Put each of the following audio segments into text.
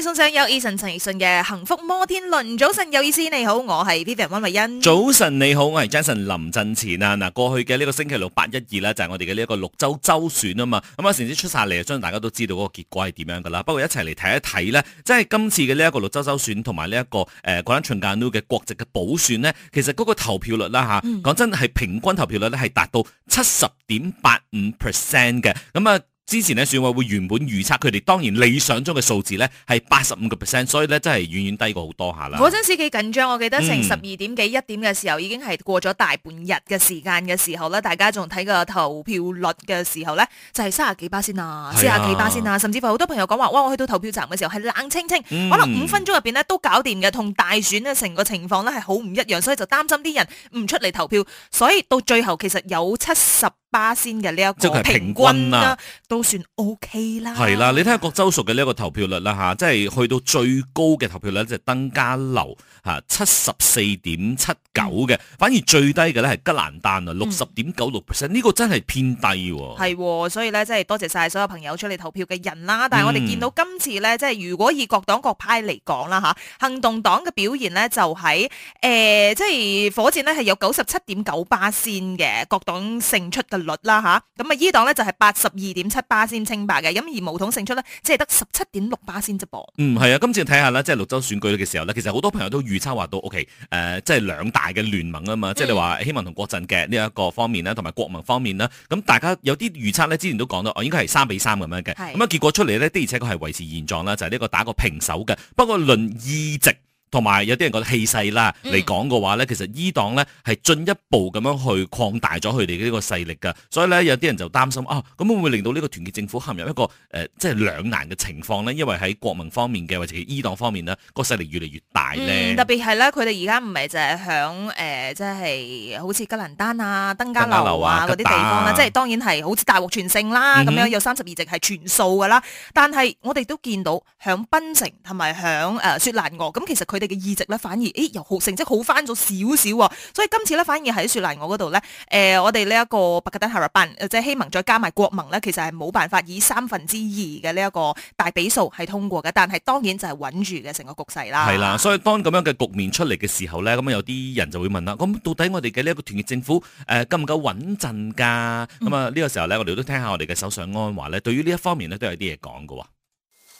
送上有 Eason 陳奕迅嘅《幸福摩天輪》，早晨有意思你好，我係 Melody 温慧欣。早晨你好，我係 Jason 林振前啊！嗱，過去嘅呢個星期六八一二啦，8, 1, 2, 就係我哋嘅呢一個六州州選啊嘛。咁、嗯、啊，成績出晒嚟，相信大家都知道嗰個結果係點樣噶啦。不過一齊嚟睇一睇咧，即係今次嘅、這個呃、呢一個六州州選同埋呢一個誒嗰粒 Chung Kwan U 嘅國席嘅補選咧，其實嗰個投票率啦、啊、吓，講、嗯、真係平均投票率咧係達到七十點八五 percent 嘅。咁啊～、嗯之前呢選委會原本預測佢哋當然理想中嘅數字呢係八十五個 percent，所以呢真係遠遠低過好多下啦。嗰陣時幾緊張，我記得成十二點幾、嗯、一點嘅時候已經係過咗大半日嘅時間嘅時候呢，大家仲睇個投票率嘅時候呢，就係三十幾巴先啦，四十幾巴先啦，甚至乎好多朋友講話，哇！我去到投票站嘅時候係冷清清，嗯、可能五分鐘入邊呢都搞掂嘅，同大選呢成個情況呢係好唔一樣，所以就擔心啲人唔出嚟投票，所以到最後其實有七十巴仙嘅呢一個平均啦、啊啊，都算 O、OK、K 啦。係啦，你睇下各州屬嘅呢一個投票率啦吓、啊，即係去到最高嘅投票率就登加樓吓七十四點七九嘅，反而最低嘅咧係吉蘭丹、嗯這個、啊，六十點九六呢個真係偏低。係，所以咧即係多謝晒所有朋友出嚟投票嘅人啦、啊。但係我哋見到今次咧，即係如果以各黨各派嚟講啦吓，行動黨嘅表現咧就喺、是、誒，即、呃、係、就是、火箭呢，係有九十七點九巴仙嘅，各黨勝出率啦吓咁啊依檔呢，就係八十二點七八先清白嘅，咁而毛統勝出呢，即係得十七點六八先啫噃。嗯，係啊，今次睇下啦，即係六州選舉嘅時候呢，其實好多朋友都預測話到，OK，呃，即係兩大嘅聯盟啊嘛，即係你話希望同國陣嘅呢一個方面啦，同埋國民方面啦，咁大家有啲預測呢，之前都講到，我應該係三比三咁樣嘅，咁啊結果出嚟呢，的而且確係維持現狀啦，就係呢個打個平手嘅，不過論議席。同埋有啲人覺得氣勢啦嚟、嗯、講嘅話咧，其實伊黨咧係進一步咁樣去擴大咗佢哋呢個勢力噶，所以咧有啲人就擔心啊，咁會唔會令到呢個團結政府陷入一個即係、呃就是、兩難嘅情況咧？因為喺國民方面嘅或者伊黨方面呢，個勢力越嚟越大咧、嗯。特別係咧，佢哋而家唔係就係響即係好似吉林丹啊、登嘉樓啊嗰啲、啊、地方啦、啊，即係當然係好似大獲全勝啦咁、嗯、樣，有三十二席係全數噶啦。但係我哋都見到響檳城同埋響雪蘭莪咁，其實佢。你哋嘅議席咧反而，誒，又好成績好翻咗少少，所以今次咧反而喺雪蘭莪嗰度咧，誒、呃，我哋呢一個白加登、哈立扮，誒，即係希盟再加埋國盟咧，其實係冇辦法以三分之二嘅呢一個大比數係通過嘅，但係當然就係穩住嘅成個局勢啦。係啦，所以當咁樣嘅局面出嚟嘅時候咧，咁有啲人就會問啦，咁到底我哋嘅呢一個團結政府，誒、呃，夠唔夠穩陣噶？咁啊呢個時候咧，我哋都聽下我哋嘅首相安華咧，對於呢一方面咧都有啲嘢講嘅。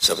習、嗯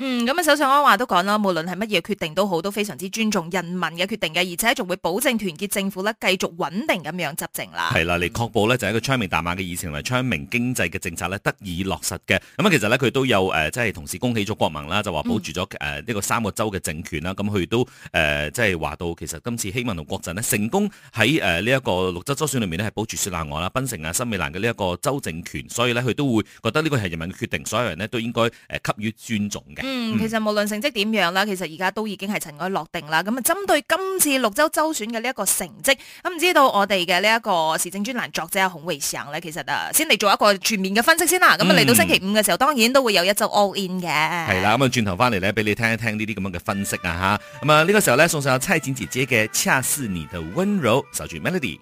嗯，咁啊，首相安華都講啦，無論係乜嘢決定都好，都非常之尊重人民嘅決定嘅，而且仲會保證團結政府咧，繼續穩定咁樣執政啦。係啦，嚟確保呢就係一個昌明大馬嘅議程同埋昌明經濟嘅政策咧得以落實嘅。咁、嗯、啊、嗯，其實呢，佢都有誒，即、呃、係同時恭喜咗國民啦，就話保住咗誒呢個三個州嘅政權啦。咁、嗯、佢、嗯、都誒即係話到，其實今次希盟同國陣咧成功喺誒呢一個六州州選裏面咧係保住雪蘭莪啦、檳城啊、新美蘭嘅呢一個州政權，所以呢，佢都會覺得呢個係人民嘅決定，所有人呢都應該誒給予尊重嘅。嗯，其實無論成績點樣啦，其實而家都已經係塵埃落定啦。咁啊，針對今次六周周選嘅呢一個成績，咁唔知道我哋嘅呢一個時政專欄作者孔偉祥咧，其實啊，先嚟做一個全面嘅分析先啦。咁啊，嚟到星期五嘅時候、嗯，當然都會有一周 all in 嘅。係啦，咁啊，轉頭翻嚟咧，俾你聽一聽呢啲咁樣嘅分析啊吓。咁啊，呢個時候咧，送上蔡琴姐姐嘅《恰似你的温柔》，守住 Melody。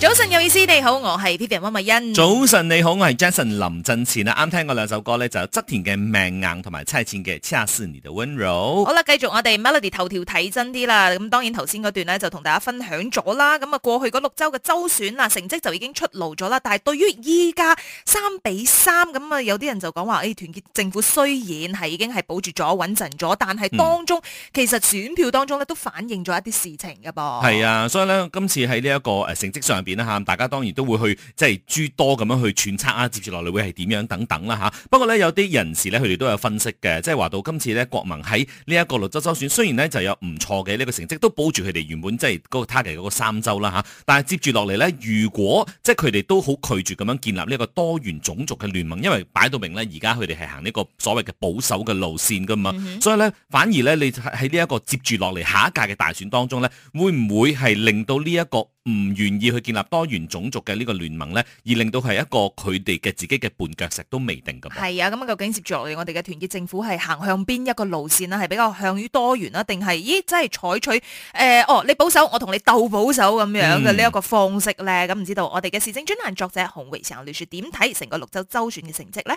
早晨，有意思，你好，我係 Peter 溫慧欣。早晨，你好，我係 Jason 林振前啦。啱聽過兩首歌呢，就有側田嘅命硬同埋差錢嘅 Cherish 你的溫柔。好啦，繼續我哋 Melody 頭條睇真啲啦。咁當然頭先嗰段呢，就同大家分享咗啦。咁啊，過去嗰六週嘅週選啊，成績就已經出爐咗啦。但係對於依家三比三，咁啊有啲人就講話誒，團結政府雖然係已經係保住咗穩陣咗，但係當中、嗯、其實選票當中呢都反映咗一啲事情㗎噃。係啊，所以呢，今次喺呢一個誒成績上。邊啦吓，大家當然都會去即係諸多咁樣去揣測啊，接住落嚟會係點樣等等啦吓。不過咧，有啲人士咧，佢哋都有分析嘅，即係話到今次咧，國民喺呢一個六州州選，雖然咧就有唔錯嘅呢個成績，都保住佢哋原本即係嗰個 target 嗰個三州啦吓。但係接住落嚟咧，如果即係佢哋都好拒絕咁樣建立呢個多元種族嘅聯盟，因為擺到明咧，而家佢哋係行呢個所謂嘅保守嘅路線㗎嘛，嗯，所以咧反而咧，你喺呢一個接住落嚟下一屆嘅大選當中咧，會唔會係令到呢、這、一個？唔願意去建立多元種族嘅呢個聯盟咧，而令到係一個佢哋嘅自己嘅絆腳石都未定咁。係啊，咁啊，究竟接落嚟我哋嘅團結政府係行向邊一個路線咧？係比較向於多元啦，定係咦，真係採取誒，哦，你保守，我同你鬥保守咁樣嘅呢一個方式咧？咁唔知道我哋嘅時政專欄作者洪偉祥律師點睇成個六州州選嘅成績咧？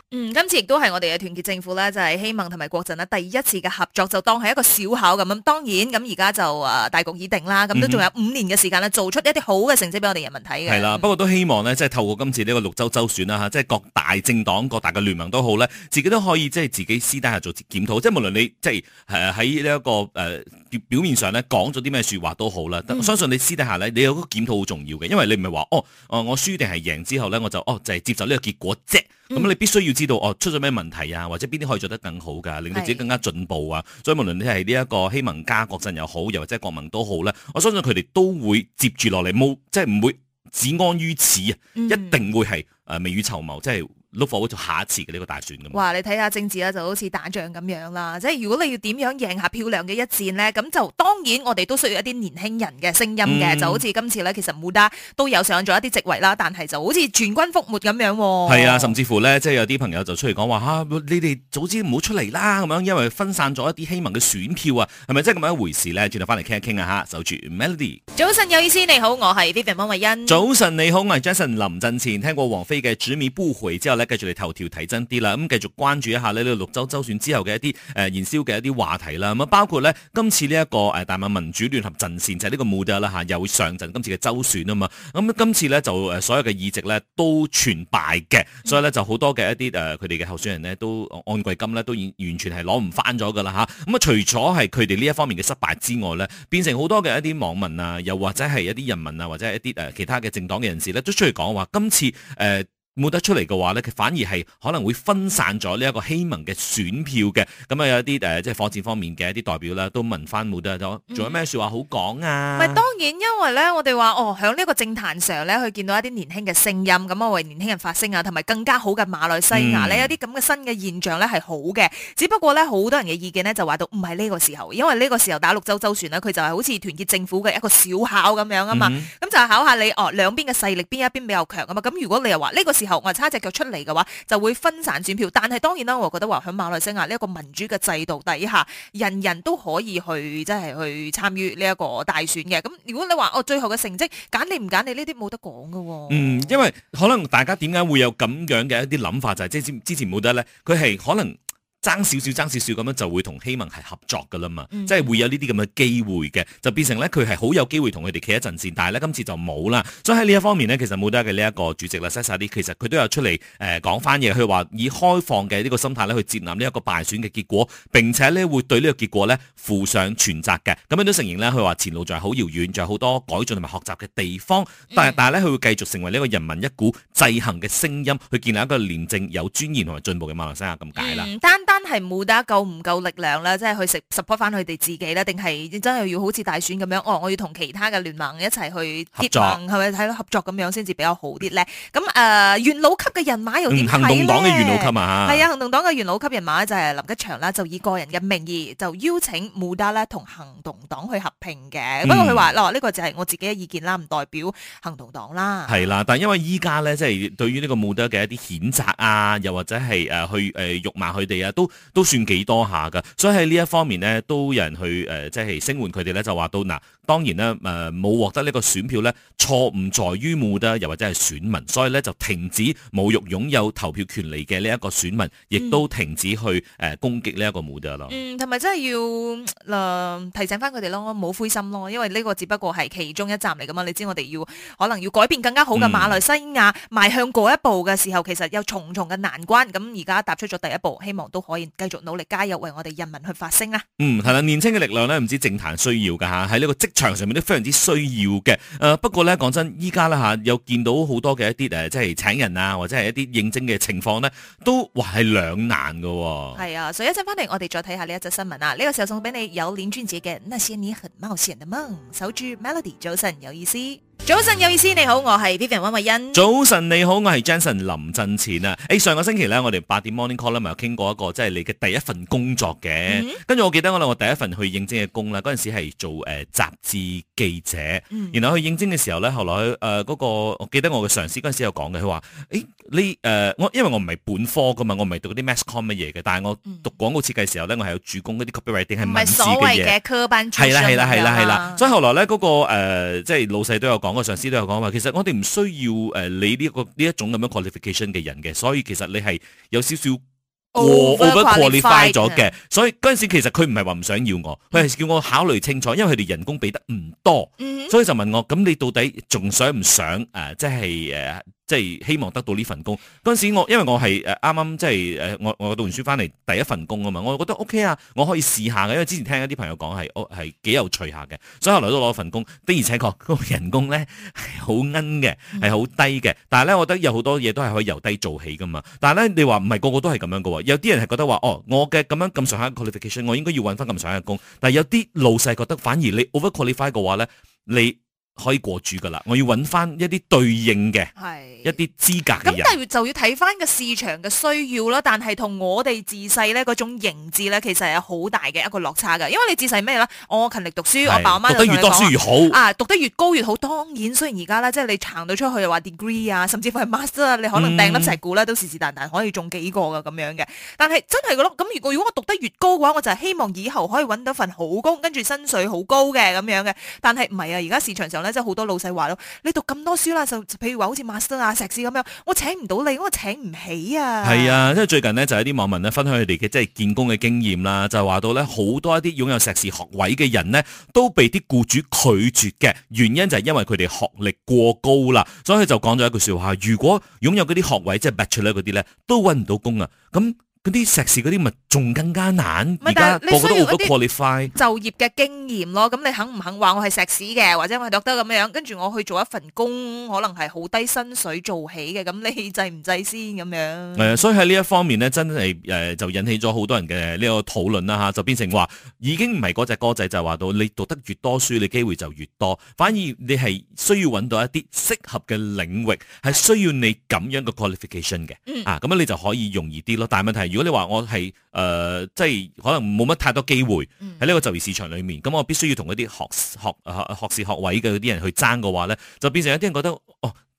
嗯，今次亦都係我哋嘅團結政府咧，就係、是、希望同埋國陣呢第一次嘅合作就當係一個小考咁。當然咁而家就大局已定啦，咁都仲有五年嘅時間呢，做出一啲好嘅成績俾我哋人民睇嘅。係、嗯、啦，不過都希望呢，即、就、係、是、透過今次呢個六州州選啦，即係各大政黨、各大嘅聯盟都好呢，自己都可以即係、就是、自己私底下做檢討。即係無論你即係喺呢一個誒、呃、表面上呢講咗啲咩說話都好啦，嗯、我相信你私底下呢，你有個檢討好重要嘅，因為你唔係話哦、呃、我輸定係贏之後呢，我就哦就係、是、接受呢個結果啫。咁、嗯、你必須要知道哦，出咗咩問題啊，或者邊啲可以做得更好噶，令到自己更加進步啊！所以無論你係呢一個希盟加國陣又好，又或者國民都好咧，我相信佢哋都會接住落嚟冇，即係唔會只安於此啊，一定會係、呃、未雨綢繆，即、就、係、是。l o 好做下一次嘅呢、這個大選咁啊！你睇下政治啦，就好似打仗咁樣啦，即係如果你要點樣贏下漂亮嘅一戰呢？咁就當然我哋都需要一啲年輕人嘅聲音嘅、嗯，就好似今次咧，其實 MUDA 都有上咗一啲席位啦，但係就好似全軍覆沒咁樣、哦。係啊，甚至乎呢，即係有啲朋友就出嚟講話吓，你哋早知唔好出嚟啦，咁樣，因為分散咗一啲希盟嘅選票啊，係咪即係咁樣一回事呢？轉頭翻嚟傾一傾啊吓，守住 Melody。早晨有意思，你好，我係 b e v i r l y 汪慧欣。早晨你好，我係 Jason 林振前。聽過王菲嘅《執迷不悔》之後。繼續嚟頭條睇真啲啦，咁繼續關注一下呢個六州州選之後嘅一啲誒、呃、燃燒嘅一啲話題啦，咁啊包括咧今次呢、這、一個誒大馬民主聯合陣線就係、是、呢個 MUDA 啦吓，又會上陣今次嘅州選啊嘛，咁今次咧就誒、呃、所有嘅議席咧都全敗嘅，所以咧就好多嘅一啲誒佢哋嘅候選人咧都按櫃金咧都完完全係攞唔返咗噶啦吓，咁啊除咗係佢哋呢一方面嘅失敗之外咧，變成好多嘅一啲網民啊，又或者係一啲人民啊，或者係一啲誒其他嘅政黨嘅人士咧，都出嚟講話今次誒。呃冇得出嚟嘅話呢，佢反而係可能會分散咗呢一個希盟嘅選票嘅。咁啊，有一啲誒、呃，即係火箭方面嘅一啲代表咧，都問翻冇得咗，仲、嗯、有咩說話好講啊？咪當然，因為咧，我哋話哦，響呢一個政壇上咧，去見到一啲年輕嘅聲音，咁啊，為年輕人發聲啊，同埋更加好嘅馬來西亞呢，嗯、有啲咁嘅新嘅現象咧，係好嘅。只不過咧，好多人嘅意見呢，就話到唔係呢個時候，因為呢個時候打六州州選呢，佢就係好似團結政府嘅一個小、嗯、考咁樣啊嘛。咁就考下你哦，兩邊嘅勢力邊一邊比較強啊嘛。咁如果你又話呢個。之後我差隻腳出嚟嘅話，就會分散選票。但係當然啦，我話覺得話喺馬來西亞呢一個民主嘅制度底下，人人都可以去，即係去參與呢一個大選嘅。咁如果你話哦，最後嘅成績揀你唔揀你，呢啲冇得講噶哦。嗯，因為可能大家點解會有咁樣嘅一啲諗法，就係之之前冇得咧，佢係可能。爭少少爭少少咁樣就會同希盟係合作噶啦嘛、嗯，即係會有呢啲咁嘅機會嘅，就變成咧佢係好有機會同佢哋企一陣線，但係咧今次就冇啦。所以喺呢一方面呢，其實冇得嘅呢一個主席啦，set 晒啲，其實佢都有出嚟誒講翻嘢，佢、呃、話以開放嘅呢個心態咧去接納呢一個敗選嘅結果，並且咧會對呢個結果咧負上全責嘅。咁樣都承認咧，佢話前路仲係好遙遠，仲有好多改進同埋學習嘅地方。但係、嗯、但係咧，佢會繼續成為呢個人民一股制衡嘅聲音，去建立一個廉政、有尊嚴同埋進步嘅馬來西亞咁解啦。嗯真係 MUDA 夠唔夠力量咧？即係去 support 翻佢哋自己咧，定係真係要好似大選咁樣？哦，我要同其他嘅聯盟一齊去盟合作，係咪睇到合作咁樣先至比較好啲咧？咁誒、呃、元老級嘅人馬又點、嗯、行動黨嘅元老級啊嚇，係啊行動黨嘅元老級人馬就係林吉祥啦，就以個人嘅名義就邀請 MUDA 咧同行動黨去合併嘅。不過佢話嗱，呢、嗯呢個就係我自己嘅意見啦，唔代表行動黨啦。係啦、啊，但因為依家咧，即、就、係、是、對於呢個 MUDA 嘅一啲譴責啊，又或者係誒去誒辱罵佢哋啊，都都算幾多下噶，所以喺呢一方面咧，都有人去誒、呃、即係聲援佢哋咧，就話到嗱。當然啦，誒冇獲得呢個選票咧，錯誤在於冇得，又或者係選民，所以咧就停止侮辱擁有投票權利嘅呢一個選民，亦都停止去誒攻擊呢一個冇得咯。嗯，同埋真係要誒提醒翻佢哋咯，冇灰心咯，因為呢個只不過係其中一站嚟噶嘛。你知我哋要可能要改變更加好嘅馬來西亞，邁向嗰一步嘅時候，其實有重重嘅難關。咁而家踏出咗第一步，希望都可以繼續努力加油，為我哋人民去發聲啊！嗯，係啦，年輕嘅力量呢，唔知政壇需要噶嚇，喺呢個職。場上面都非常之需要嘅，誒、呃，不過咧講真，依家咧吓，有見到好多嘅一啲誒，即係請人啊，或者係一啲應徵嘅情況咧，都話係兩難嘅、哦。係啊，所以一陣翻嚟，我哋再睇下呢一則新聞啊。呢個時候送俾你有臉專者嘅那些你很冒險的夢，守住 Melody 早晨有意思。早晨有意思，你好，我係 Vivian 溫慧欣。早晨你好，我係 Jensen 林振前啊。誒、欸，上個星期咧，我哋八點 Morning Call 咧，咪有傾過一個即係你嘅第一份工作嘅。Mm -hmm. 跟住我記得我哋我第一份去應徵嘅工啦，嗰陣時係做誒、呃、雜誌記者。Mm -hmm. 然後去應徵嘅時候咧，後來誒嗰、呃那個我記得我嘅上司嗰陣時有講嘅，佢話誒。欸呢誒、呃，我因為我唔係本科噶嘛，我唔係讀嗰啲 mass communication 嘅，但係我讀廣告設計嘅時候咧、嗯，我係有主攻嗰啲 copywriting 係文字嘅嘢。唔係所謂嘅科班出身。係啦係啦係啦係啦，所以後來咧嗰，那個誒、呃，即係老細都有講，個上司都有講話，其實我哋唔需要誒你呢個呢一種咁樣的 qualification 嘅人嘅，所以其實你係有少少過 over qualified 咗嘅。所以嗰陣時其實佢唔係話唔想要我，佢，嗯，係叫我考慮清楚，因為佢哋人工俾得唔多，嗯，所以就問我咁你到底仲想唔想誒、呃？即係誒。呃即係希望得到呢份工嗰陣時我，我因為我係啱啱即係我我讀完書翻嚟第一份工啊嘛，我覺得 OK 啊，我可以試下嘅，因為之前聽一啲朋友講係係幾有趣下嘅，所以後來都攞咗份工，的而且確，個人工咧係好奀嘅，係好低嘅。但係咧，我覺得有好多嘢都係可以由低做起噶嘛。但係咧，你話唔係個個都係咁樣嘅喎，有啲人係覺得話哦，我嘅咁樣咁上下 qualification，我應該要揾翻咁上下嘅工。但係有啲老細覺得反而你 overqualify 嘅話咧，你。可以過住噶啦，我要揾翻一啲對應嘅，一啲資格嘅，咁但係就要睇翻個市場嘅需要啦。但係同我哋自細咧嗰種認知咧，其實係好大嘅一個落差噶。因為你自細咩啦，我勤力讀書，我爸我媽媽讀得越多書越好啊，讀得越高越好。當然，雖然而家咧，即係你撐到出去又話 degree 啊，甚至乎係 master、啊、你可能掟粒石鼓咧、嗯、都時時彈彈可以中幾個噶咁樣嘅。但係真係噶咯？咁如果如果我讀得越高嘅話，我就係希望以後可以揾到份好工，跟住薪水好高嘅咁樣嘅。但係唔係啊？而家市場上。咧即係好多老細話咯，你讀咁多書啦，就譬如話好似 master 啊碩士咁樣，我請唔到你，我請唔起啊。係啊，即係最近呢，就有啲網民咧分享佢哋嘅即係見工嘅經驗啦，就話到咧好多一啲擁有碩士學位嘅人呢，都被啲僱主拒絕嘅，原因就係因為佢哋學歷過高啦。所以佢就講咗一句說話，如果擁有嗰啲學位，即係 Bachelor 嗰啲咧，都搵唔到工啊。咁。嗰啲碩士嗰啲咪仲更加難？而家個個都好咁 qualify，就業嘅經驗咯。咁你肯唔肯話我係碩士嘅，或者我係讀得咁樣，跟住我去做一份工，可能係好低薪水做起嘅。咁你制唔制先咁樣？係、嗯、啊，所以喺呢一方面咧，真係誒、呃、就引起咗好多人嘅呢個討論啦吓，就變成話已經唔係嗰隻歌仔就話、是、到你讀得越多書，你機會就越多。反而你係需要揾到一啲適合嘅領域，係需要你咁樣嘅 qualification 嘅。嗯啊，咁樣你就可以容易啲咯。但係問題是。如果你話我係誒、呃，即係可能冇乜太多機會喺呢個就業市場裏面，咁、嗯、我必須要同嗰啲學學學士學位嘅嗰啲人去爭嘅話咧，就變成有啲人覺得。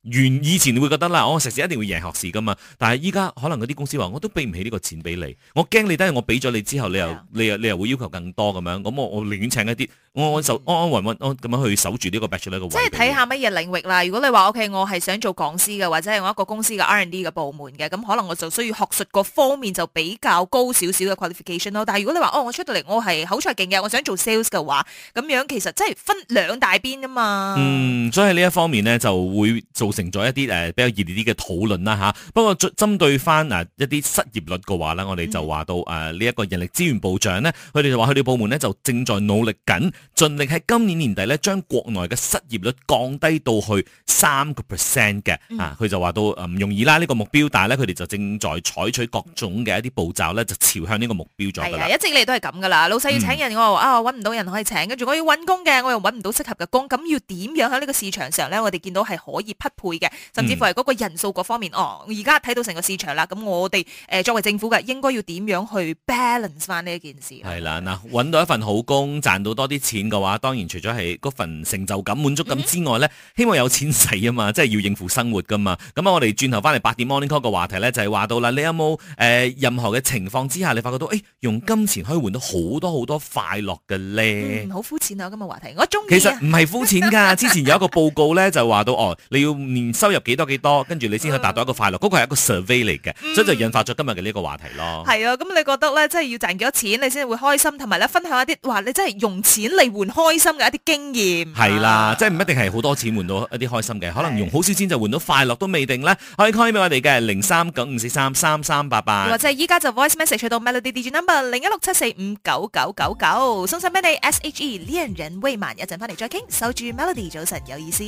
原以前會覺得啦，我碩士一定會贏學士噶嘛。但係依家可能嗰啲公司話，我都俾唔起呢個錢俾你，我驚你，等陣我俾咗你之後，你又、啊、你又你又會要求更多咁樣。咁我我寧願請一啲安安就安安穩安咁樣去守住呢個 Bachelor 嘅位。即係睇下乜嘢領域啦。如果你話 OK，我係想做講師嘅，或者我一個公司嘅 R&D 嘅部門嘅，咁可能我就需要學術個方面就比較高少少嘅 qualification 咯。但係如果你話哦，我出到嚟我係口才勁嘅，我想做 sales 嘅話，咁樣其實即係分兩大邊啊嘛。嗯，所以呢一方面呢，就會做。成咗一啲誒比較熱烈啲嘅討論啦嚇，不過針針對翻啊一啲失業率嘅話咧，我哋就話到誒呢一個人力資源部長咧，佢哋就話佢哋部門咧就正在努力緊，盡力喺今年年底咧將國內嘅失業率降低到去三個 percent 嘅啊，佢就話到唔容易啦呢個目標，但係咧佢哋就正在採取各種嘅一啲步驟咧，就朝向呢個目標咗。係啊，一直你都係咁噶啦，老細要請人、嗯、我啊揾唔到人可以請，跟住我要揾工嘅，我又揾唔到適合嘅工，咁要點樣喺呢個市場上咧？我哋見到係可以匹。配嘅，甚至乎係嗰個人數嗰方面。嗯、哦，而家睇到成個市場啦，咁我哋誒、呃、作為政府嘅，應該要點樣去 balance 翻呢一件事？係、嗯、啦，嗱、嗯，揾到一份好工，賺到多啲錢嘅話，當然除咗係嗰份成就感、滿足感之外咧，希望有錢使啊嘛，即係要應付生活噶嘛。咁、嗯、啊，嗯、那我哋轉頭翻嚟八點 morning call 嘅話題咧，就係話到啦，你有冇誒、呃、任何嘅情況之下，你發覺到誒、哎、用金錢可以換到好多好多快樂嘅咧？好、嗯、膚淺啊，今日話題，我中意。其實唔係膚淺噶， 之前有一個報告咧，就話到哦，你要。年收入幾多幾多少，跟住你先可以達到一個快樂，嗰、嗯、個係一個 survey 嚟嘅，所以就引發咗今日嘅呢個話題咯、嗯。係啊，咁你覺得咧，即係要賺幾多錢你先會開心，同埋咧分享一啲話，你真係用錢嚟換開心嘅一啲經驗。係、啊、啦，即係唔一定係好多錢換到一啲開心嘅，可能用好少錢就換到快樂都未定咧。可以開 a 俾我哋嘅零三九五四三三三八八，或者依家就 voice message 去到 melody DJ number 零一六七四五九九九九，送信俾你。S H E 戀人，人威曼一陣翻嚟再傾。守住 melody，早晨有意思。